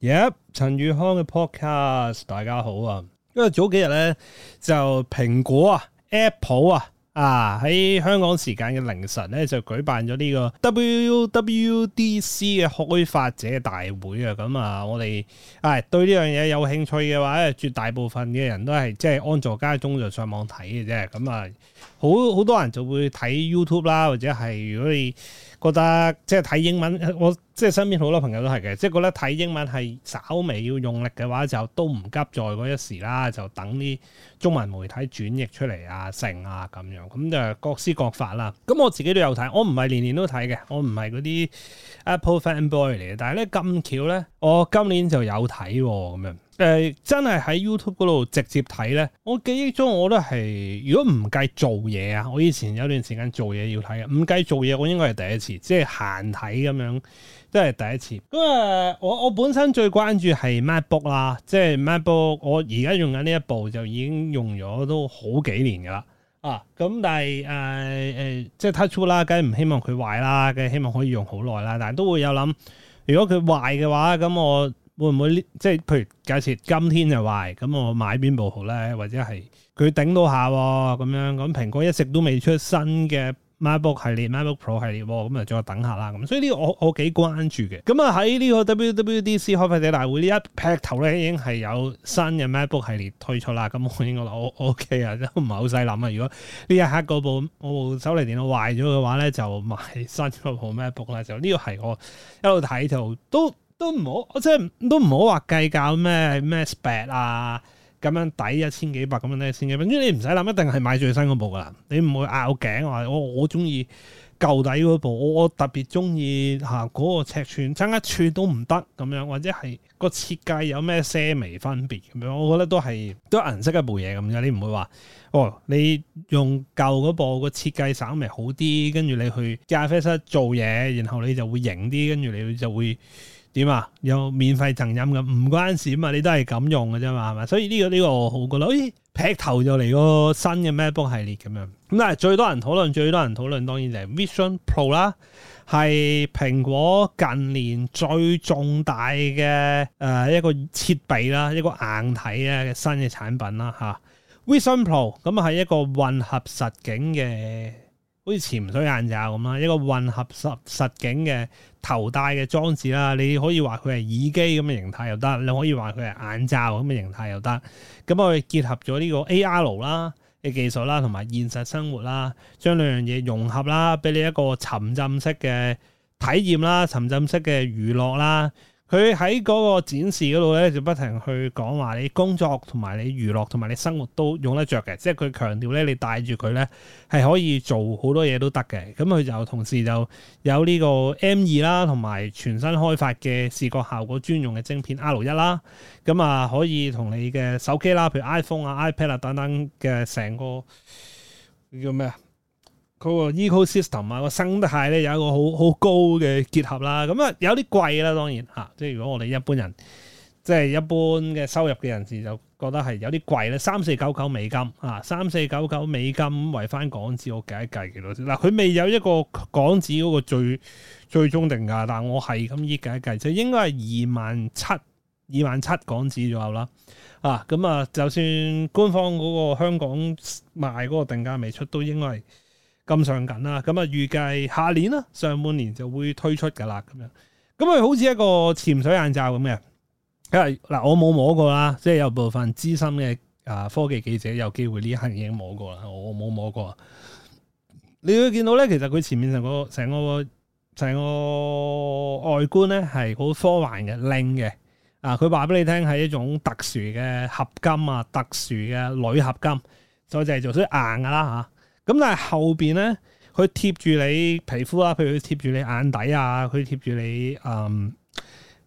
耶！陳宇、yep, 康嘅 podcast，大家好啊！因為早幾日咧就蘋果啊 Apple 啊啊喺香港時間嘅凌晨咧就舉辦咗呢個 WWDC 嘅開發者大會啊！咁、嗯、啊，我哋係、哎、對呢樣嘢有興趣嘅話，絕大部分嘅人都係即係安座家中就上網睇嘅啫。咁、嗯、啊，好好多人就會睇 YouTube 啦，或者係如果你覺得即係睇英文，我。即係身邊好多朋友都係嘅，即係覺得睇英文係稍微要用力嘅話，就都唔急在嗰一時啦，就等啲中文媒體轉譯出嚟啊、成啊咁樣，咁就各施各法啦。咁我自己都有睇，我唔係年年都睇嘅，我唔係嗰啲 Apple fanboy 嚟嘅，但係咧咁巧咧，我今年就有睇咁、啊、樣。誒、呃，真係喺 YouTube 嗰度直接睇咧，我記憶中我都係如果唔計做嘢啊，我以前有段時間做嘢要睇嘅，唔計做嘢，我應該係第一次，即係閒睇咁樣。即係第一次，咁誒，我我本身最關注係 MacBook 啦，即係 MacBook，我而家用緊呢一部就已經用咗都好幾年㗎啦，啊，咁但係誒誒，即係 touch 啦，梗係唔希望佢壞啦，梗係希望可以用好耐啦，但係都會有諗，如果佢壞嘅話，咁我會唔會呢？即係譬如假設今天就壞，咁我買邊部好咧？或者係佢頂到下喎、啊、咁樣？咁蘋果一直都未出新嘅。MacBook 系列、MacBook Pro 系列，咁啊再等下啦。咁所以呢個我我幾關注嘅。咁啊喺呢個 WWDC 開發者大會呢一劈頭咧已經係有新嘅 MacBook 系列推出啦。咁我應該覺得我我 OK 啊，都唔係好細諗啊。如果呢一刻嗰部我部手提電腦壞咗嘅話咧，就買新嗰部 MacBook 啦。就呢個係我一路睇到都都唔好，即係都唔好話計較咩 spec 啊。咁樣抵一千幾百，咁樣呢一千幾百，因為你唔使諗，一定係買最新嗰部噶啦，你唔會拗頸話我我中意舊底嗰部，我我特別中意吓嗰個尺寸爭一寸都唔得咁樣，或者係個設計有咩些微分別咁樣，我覺得都係都銀色嘅部嘢咁樣，你唔會話哦，你用舊嗰部個設計稍微好啲，跟住你去咖啡室做嘢，然後你就會型啲，跟住你就會。點啊？有免費贈飲嘅，唔關事啊嘛，你都係咁用嘅啫嘛，係嘛？所以呢、這個呢、這個我好覺得，咦、哎，劈頭就嚟個新嘅 MacBook 系列咁樣。咁但係最多人討論，最多人討論，當然就係 Vision Pro 啦，係蘋果近年最重大嘅誒、呃、一個設備啦，一個硬體嘅新嘅產品啦吓、啊。Vision Pro 咁啊係一個混合實景嘅。好似潛水眼罩咁啦，一個混合實實景嘅頭戴嘅裝置啦，你可以話佢係耳機咁嘅形態又得，你可以話佢係眼罩咁嘅形態又得。咁我哋結合咗呢個 AR 啦嘅技術啦，同埋現實生活啦，將兩樣嘢融合啦，俾你一個沉浸式嘅體驗啦，沉浸式嘅娛樂啦。佢喺嗰個展示嗰度咧，就不停去講話你工作同埋你娛樂同埋你生活都用得着嘅，即係佢強調咧，你帶住佢咧係可以做好多嘢都得嘅。咁佢就同時就有呢個 M 二啦，同埋全新開發嘅視覺效果專用嘅晶片 R 一啦。咁啊，可以同你嘅手機啦，譬如 iPhone 啊、iPad 啊等等嘅成個叫咩啊？佢個 ecosystem 啊，個生態咧有一個好好高嘅結合啦。咁啊，有啲貴啦，當然嚇、啊。即係如果我哋一般人，即、就、係、是、一般嘅收入嘅人士，就覺得係有啲貴啦。三四九九美金啊，三四九九美金圍翻港紙，我計一計嘅，多先嗱。佢未有一個港紙嗰個最最終定價，但係我係咁依計一計，就應該係二萬七、二萬七港紙左右啦。啊，咁啊，就算官方嗰個香港賣嗰個定價未出，都應該係。咁上緊啦，咁啊預計下年啦，上半年就會推出噶啦，咁樣，咁啊好似一個潛水眼罩咁嘅，因為嗱我冇摸過啦，即係有部分資深嘅啊科技記者有機會呢一刻已經摸過啦，我冇摸過。你會見到咧，其實佢前面成個成個成個外觀咧係好科幻嘅靚嘅，啊佢話俾你聽係一種特殊嘅合金啊，特殊嘅鋁合金，再就係做出硬噶啦吓。啊咁但係後邊咧，佢貼住你皮膚啊，譬如佢貼住你眼底啊，佢貼住你嗯誒、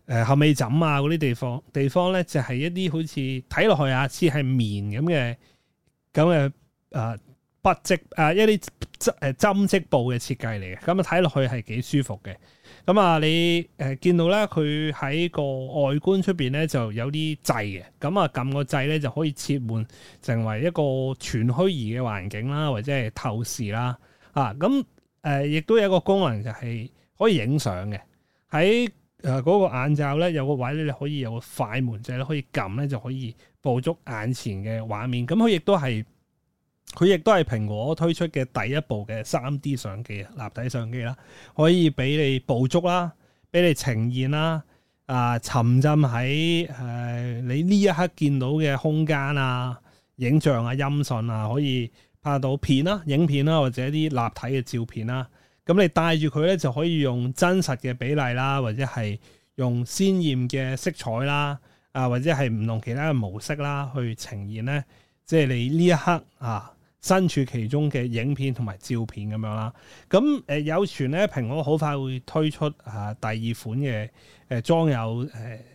呃、後尾枕啊嗰啲地方地方咧，就係、是、一啲好似睇落去啊似係棉咁嘅咁嘅啊。不織啊，一啲針誒針織布嘅設計嚟嘅，咁啊睇落去係幾舒服嘅。咁啊，你誒見到咧，佢喺個外觀出邊咧就有啲掣嘅，咁啊撳個掣咧就可以切換成為一個全虛擬嘅環境啦，或者係透視啦。啊，咁誒、呃、亦都有一個功能就係可以影相嘅，喺誒嗰個眼罩咧有個位咧，你可以有個快門掣咧，可以撳咧，就可以捕捉眼前嘅畫面。咁佢亦都係。佢亦都係蘋果推出嘅第一部嘅 3D 相機啊，立體相機啦，可以俾你捕捉啦，俾你呈現啦，啊、呃，沉浸喺誒、呃、你呢一刻見到嘅空間啊、影像啊、音訊啊，可以拍到片啦、影片啦，或者啲立體嘅照片啦。咁你戴住佢咧，就可以用真實嘅比例啦，或者係用鮮豔嘅色彩啦，啊，或者係唔同其他嘅模式啦，去呈現咧，即係你呢一刻啊～身處其中嘅影片同埋照片咁樣啦，咁誒、呃、有傳咧，蘋果好快會推出啊第二款嘅誒、呃、裝有誒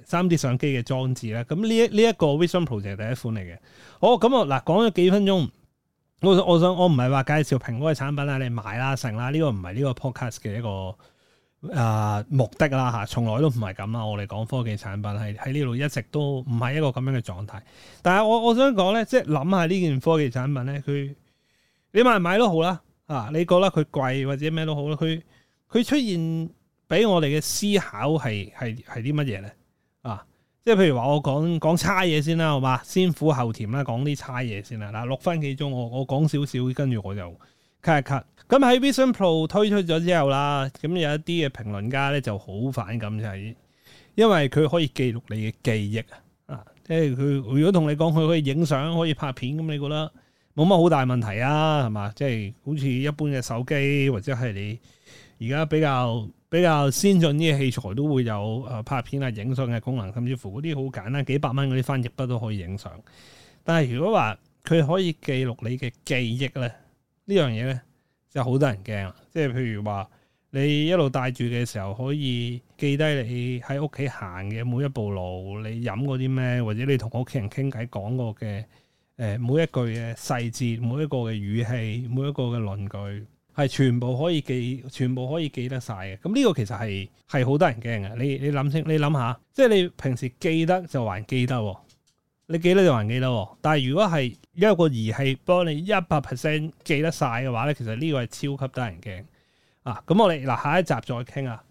三、呃、D 相機嘅裝置啦，咁呢一呢一個 Vision Pro 就係第一款嚟嘅。好，咁我嗱講咗幾分鐘，我我想我唔係話介紹蘋果嘅產品啦，你買啦成啦，呢、這個唔係呢個 podcast 嘅一個。啊、呃！目的啦嚇，從來都唔係咁啦。我哋講科技產品係喺呢度一直都唔係一個咁樣嘅狀態。但係我我想講咧，即係諗下呢件科技產品咧，佢你買唔買都好啦。啊，你覺得佢貴或者咩都好啦。佢佢出現俾我哋嘅思考係係係啲乜嘢咧？啊，即係譬如話我講講差嘢先啦，好嘛？先苦後甜啦，講啲差嘢先啦。嗱，六分幾鐘我我講少少，跟住我就。卡咁喺 Vision Pro 推出咗之後啦，咁有一啲嘅評論家咧就好反感，就係、是，因為佢可以記錄你嘅記憶啊！啊，即係佢如果同你講佢可以影相、可以拍片，咁你覺得冇乜好大問題啊？係嘛，即、就、係、是、好似一般嘅手機或者係你而家比較比較先進啲嘅器材都會有誒拍片啊、影相嘅功能，甚至乎嗰啲好簡單，幾百蚊嗰啲翻譯筆都可以影相。但係如果話佢可以記錄你嘅記憶咧？呢樣嘢咧就好多人驚啊！即係譬如話，你一路帶住嘅時候，可以記低你喺屋企行嘅每一步路，你飲過啲咩，或者你同屋企人傾偈講過嘅誒、呃、每一句嘅細節，每一個嘅語氣，每一個嘅論據，係全部可以記，全部可以記得晒嘅。咁呢個其實係係好多人驚嘅。你你諗清，你諗下，即係你平時記得就還記得喎。你記得就還記得、哦，但係如果係一個儀器幫你一百 percent 記得晒嘅話咧，其實呢個係超級得人驚啊！咁我哋嗱下一集再傾啊～